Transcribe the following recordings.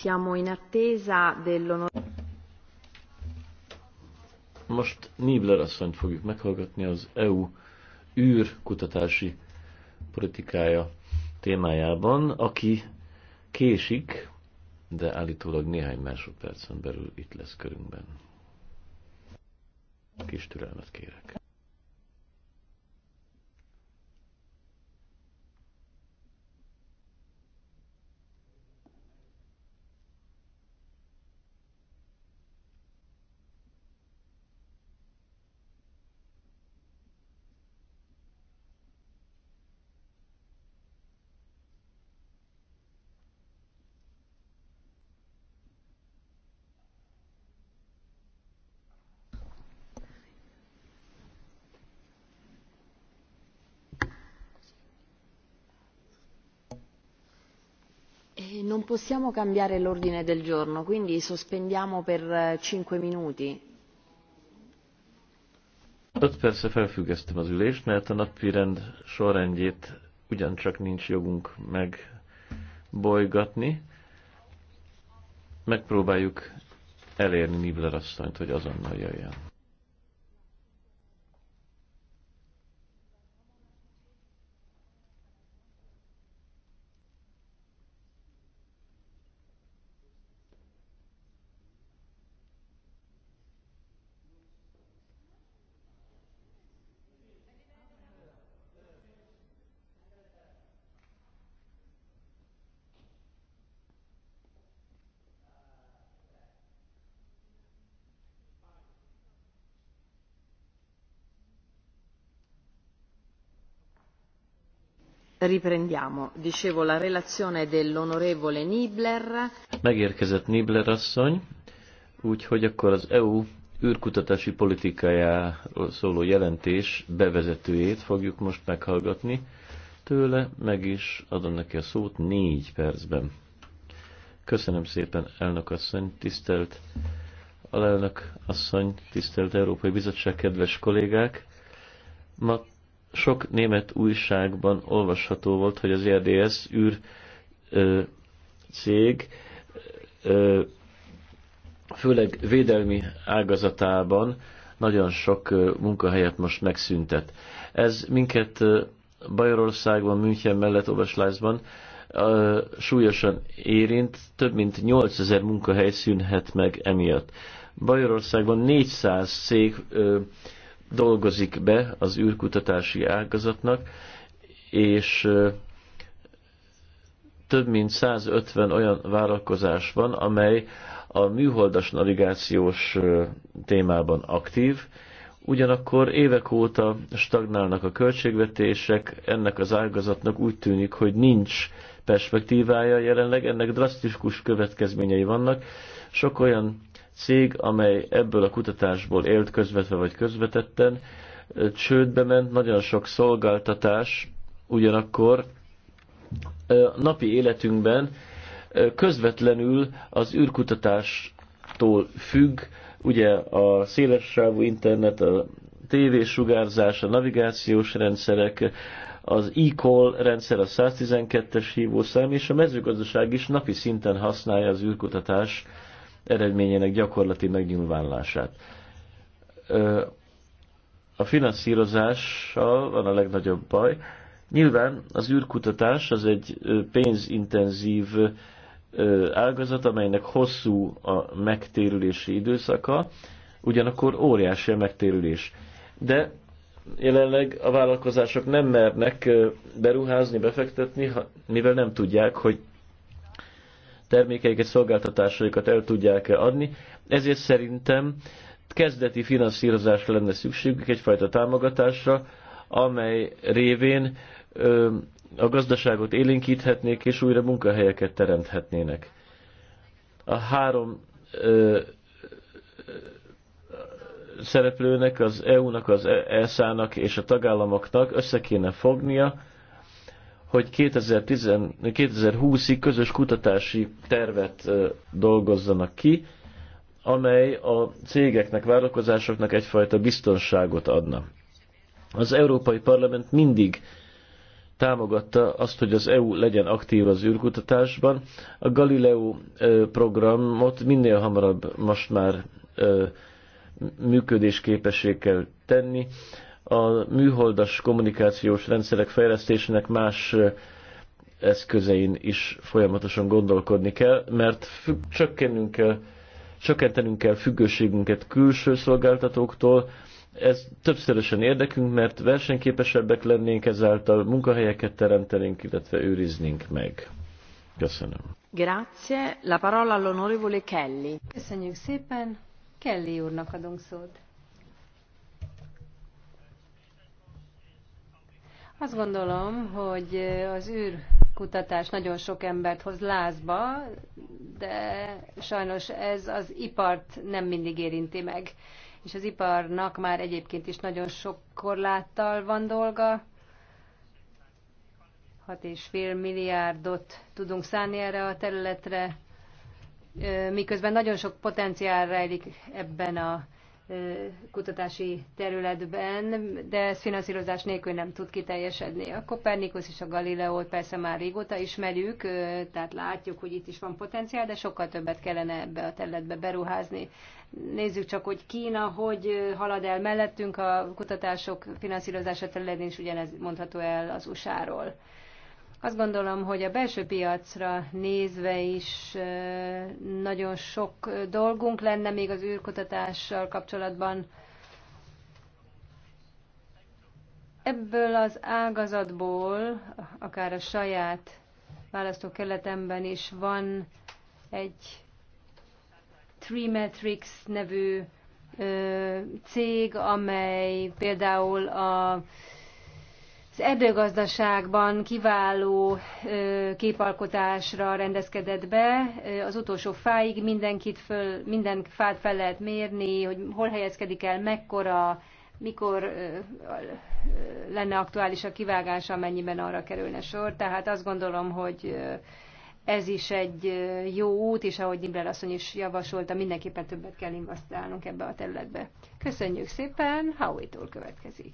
Siamo in attesa Most Nibler asszonyt fogjuk meghallgatni az EU űrkutatási politikája témájában, aki késik, de állítólag néhány másodpercen belül itt lesz körünkben. Kis türelmet kérek. non possiamo cambiare l'ordine del giorno quindi sospendiamo per eh, cinque minuti. öt perce felfüggesztem az ülést mert a napirend sorrendjét ugyancsak nincs jogunk megbolygatni. Megpróbáljuk elérni Nibler asszonyt, hogy azonnal jöjjön. Megérkezett Nibler asszony, úgyhogy akkor az EU űrkutatási politikájáról szóló jelentés bevezetőjét fogjuk most meghallgatni tőle, meg is adom neki a szót négy percben. Köszönöm szépen, elnök asszony, tisztelt alelnök asszony, tisztelt Európai Bizottság, kedves kollégák! Ma sok német újságban olvasható volt, hogy az RDS űr ö, cég ö, főleg védelmi ágazatában nagyon sok munkahelyet most megszüntet. Ez minket Bajorországban, München mellett, Oberschleißban súlyosan érint, több mint 8000 munkahely szűnhet meg emiatt. Bajorországban 400 cég dolgozik be az űrkutatási ágazatnak, és több mint 150 olyan vállalkozás van, amely a műholdas navigációs témában aktív, ugyanakkor évek óta stagnálnak a költségvetések, ennek az ágazatnak úgy tűnik, hogy nincs perspektívája jelenleg, ennek drasztikus következményei vannak. Sok olyan cég, amely ebből a kutatásból élt közvetve vagy közvetetten, csődbe ment, nagyon sok szolgáltatás ugyanakkor napi életünkben közvetlenül az űrkutatástól függ, ugye a szélessávú internet, a tévésugárzás, a navigációs rendszerek, az e-call rendszer, a 112-es hívószám és a mezőgazdaság is napi szinten használja az űrkutatás eredményének gyakorlati megnyilvánulását. A finanszírozással van a legnagyobb baj. Nyilván az űrkutatás az egy pénzintenzív ágazat, amelynek hosszú a megtérülési időszaka, ugyanakkor óriási a megtérülés. De jelenleg a vállalkozások nem mernek beruházni, befektetni, mivel nem tudják, hogy termékeiket, szolgáltatásaikat el tudják-e adni. Ezért szerintem kezdeti finanszírozásra lenne szükségük, egyfajta támogatásra, amely révén ö, a gazdaságot élénkíthetnék és újra munkahelyeket teremthetnének. A három ö, szereplőnek, az EU-nak, az ESZ-nak és a tagállamoknak össze kéne fognia, hogy 2010, 2020-ig közös kutatási tervet dolgozzanak ki, amely a cégeknek, vállalkozásoknak egyfajta biztonságot adna. Az Európai Parlament mindig támogatta azt, hogy az EU legyen aktív az űrkutatásban. A Galileo programot minél hamarabb most már működésképesé kell tenni a műholdas kommunikációs rendszerek fejlesztésének más eszközein is folyamatosan gondolkodni kell, mert függ, csökkennünk kell, csökkentenünk kell függőségünket külső szolgáltatóktól, ez többszörösen érdekünk, mert versenyképesebbek lennénk ezáltal, munkahelyeket teremtenénk, illetve őriznénk meg. Köszönöm. Grazie. La parola all'onorevole Kelly. Köszönjük szépen. Kelly úrnak adunk szót. Azt gondolom, hogy az űrkutatás nagyon sok embert hoz lázba, de sajnos ez az ipart nem mindig érinti meg. És az iparnak már egyébként is nagyon sok korláttal van dolga. 6,5 milliárdot tudunk szállni erre a területre, miközben nagyon sok potenciál rejlik ebben a kutatási területben, de ez finanszírozás nélkül nem tud kiteljesedni. A Kopernikus és a Galileo persze már régóta ismerjük, tehát látjuk, hogy itt is van potenciál, de sokkal többet kellene ebbe a területbe beruházni. Nézzük csak, hogy Kína hogy halad el mellettünk a kutatások finanszírozása területén, és ugyanez mondható el az USA-ról. Azt gondolom, hogy a belső piacra nézve is nagyon sok dolgunk lenne még az űrkutatással kapcsolatban. Ebből az ágazatból, akár a saját választókerületemben is van egy Trimetrix nevű cég, amely például a az erdőgazdaságban kiváló képalkotásra rendezkedett be, az utolsó fáig mindenkit föl, minden fát fel lehet mérni, hogy hol helyezkedik el, mekkora, mikor lenne aktuális a kivágása, amennyiben arra kerülne sor. Tehát azt gondolom, hogy ez is egy jó út, és ahogy Nimrel asszony is javasolta, mindenképpen többet kell investálnunk ebbe a területbe. Köszönjük szépen, Howie-tól következik.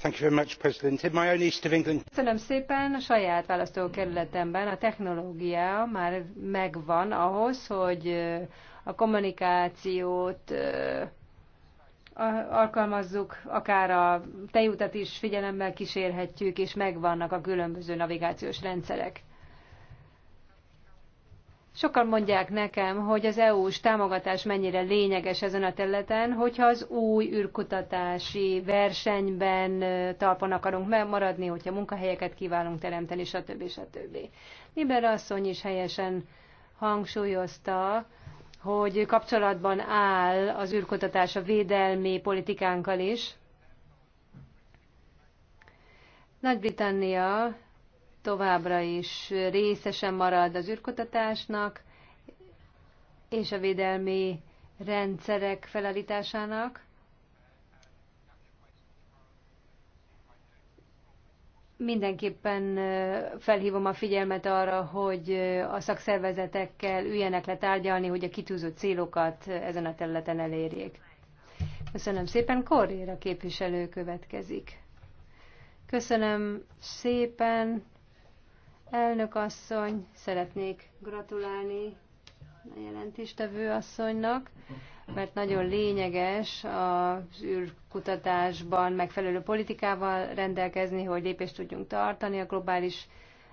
Thank you very much, President. In my own east of England... Köszönöm szépen, a saját választókerületemben a technológia már megvan ahhoz, hogy a kommunikációt alkalmazzuk, akár a tejutat is figyelemmel kísérhetjük, és megvannak a különböző navigációs rendszerek Sokan mondják nekem, hogy az EU-s támogatás mennyire lényeges ezen a területen, hogyha az új űrkutatási versenyben talpon akarunk maradni, hogyha munkahelyeket kívánunk teremteni, stb. stb. Liber asszony is helyesen hangsúlyozta, hogy kapcsolatban áll az űrkutatás a védelmi politikánkkal is. Nagy-Britannia továbbra is részesen marad az űrkutatásnak és a védelmi rendszerek felállításának. Mindenképpen felhívom a figyelmet arra, hogy a szakszervezetekkel üljenek le tárgyalni, hogy a kitűzött célokat ezen a területen elérjék. Köszönöm szépen. Korréra képviselő következik. Köszönöm szépen. Elnök asszony, szeretnék gratulálni a jelentéstevő asszonynak, mert nagyon lényeges az űrkutatásban megfelelő politikával rendelkezni, hogy lépést tudjunk tartani a globális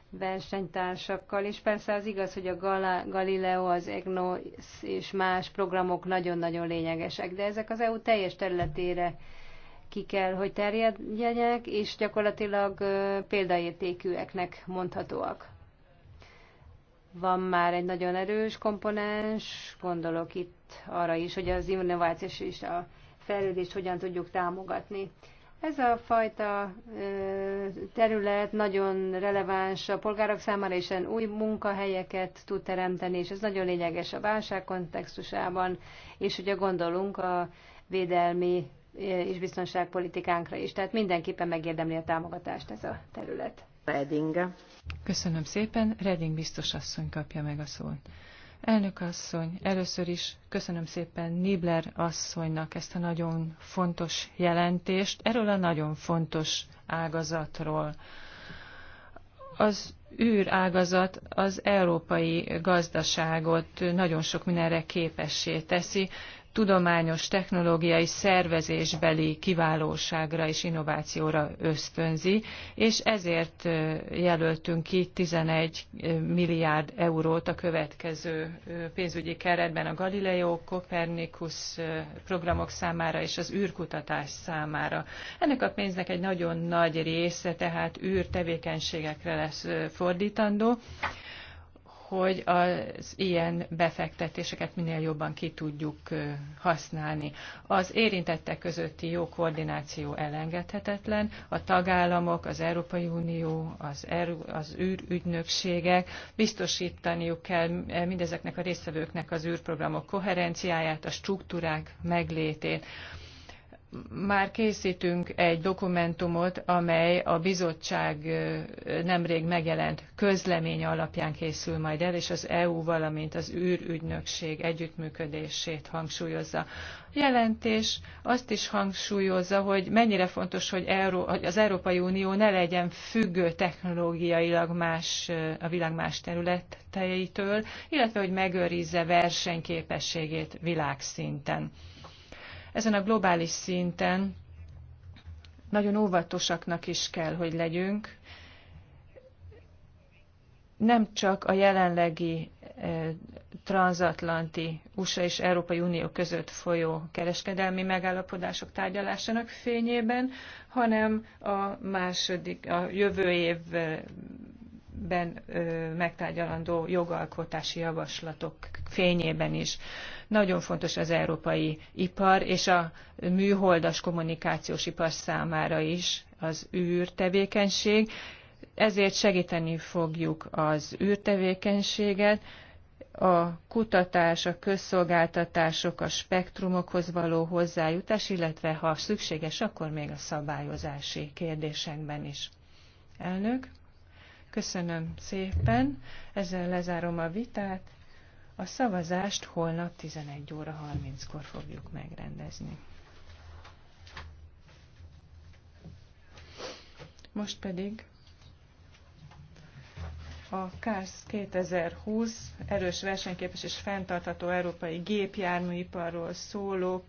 versenytársakkal, és persze az igaz, hogy a Galileo, az EGNOS és más programok nagyon-nagyon lényegesek, de ezek az EU teljes területére ki kell, hogy terjedjenek, és gyakorlatilag példaértékűeknek mondhatóak. Van már egy nagyon erős komponens, gondolok itt arra is, hogy az innovációs és a fejlődést hogyan tudjuk támogatni. Ez a fajta terület nagyon releváns a polgárok számára, és új munkahelyeket tud teremteni, és ez nagyon lényeges a válság kontextusában, és ugye gondolunk a védelmi és biztonságpolitikánkra is. Tehát mindenképpen megérdemli a támogatást ez a terület. Reding. Köszönöm szépen. Reding biztos asszony kapja meg a szót. Elnök asszony, először is köszönöm szépen Nibler asszonynak ezt a nagyon fontos jelentést, erről a nagyon fontos ágazatról. Az ágazat az európai gazdaságot nagyon sok mindenre képessé teszi, tudományos, technológiai, szervezésbeli kiválóságra és innovációra ösztönzi, és ezért jelöltünk ki 11 milliárd eurót a következő pénzügyi keretben a Galileo, Copernicus programok számára és az űrkutatás számára. Ennek a pénznek egy nagyon nagy része, tehát űrtevékenységekre lesz fordítandó, hogy az ilyen befektetéseket minél jobban ki tudjuk használni. Az érintettek közötti jó koordináció elengedhetetlen, a tagállamok, az Európai Unió, az, er, az űrügynökségek biztosítaniuk kell mindezeknek a résztvevőknek az űrprogramok koherenciáját, a struktúrák meglétét már készítünk egy dokumentumot, amely a bizottság nemrég megjelent közleménye alapján készül majd el, és az EU, valamint az űrügynökség együttműködését hangsúlyozza. A jelentés azt is hangsúlyozza, hogy mennyire fontos, hogy az Európai Unió ne legyen függő technológiailag más, a világ más területeitől, illetve hogy megőrizze versenyképességét világszinten ezen a globális szinten nagyon óvatosaknak is kell, hogy legyünk. Nem csak a jelenlegi eh, transatlanti USA és Európai Unió között folyó kereskedelmi megállapodások tárgyalásának fényében, hanem a második, a jövő év eh, ben megtárgyalandó jogalkotási javaslatok fényében is. Nagyon fontos az európai ipar és a műholdas kommunikációs ipar számára is az űrtevékenység. Ezért segíteni fogjuk az űrtevékenységet, a kutatás, a közszolgáltatások, a spektrumokhoz való hozzájutás, illetve ha szükséges, akkor még a szabályozási kérdésekben is. Elnök. Köszönöm szépen, ezzel lezárom a vitát. A szavazást holnap 11 óra 30-kor fogjuk megrendezni. Most pedig a KASZ 2020 erős versenyképes és fenntartható európai gépjárműiparról szóló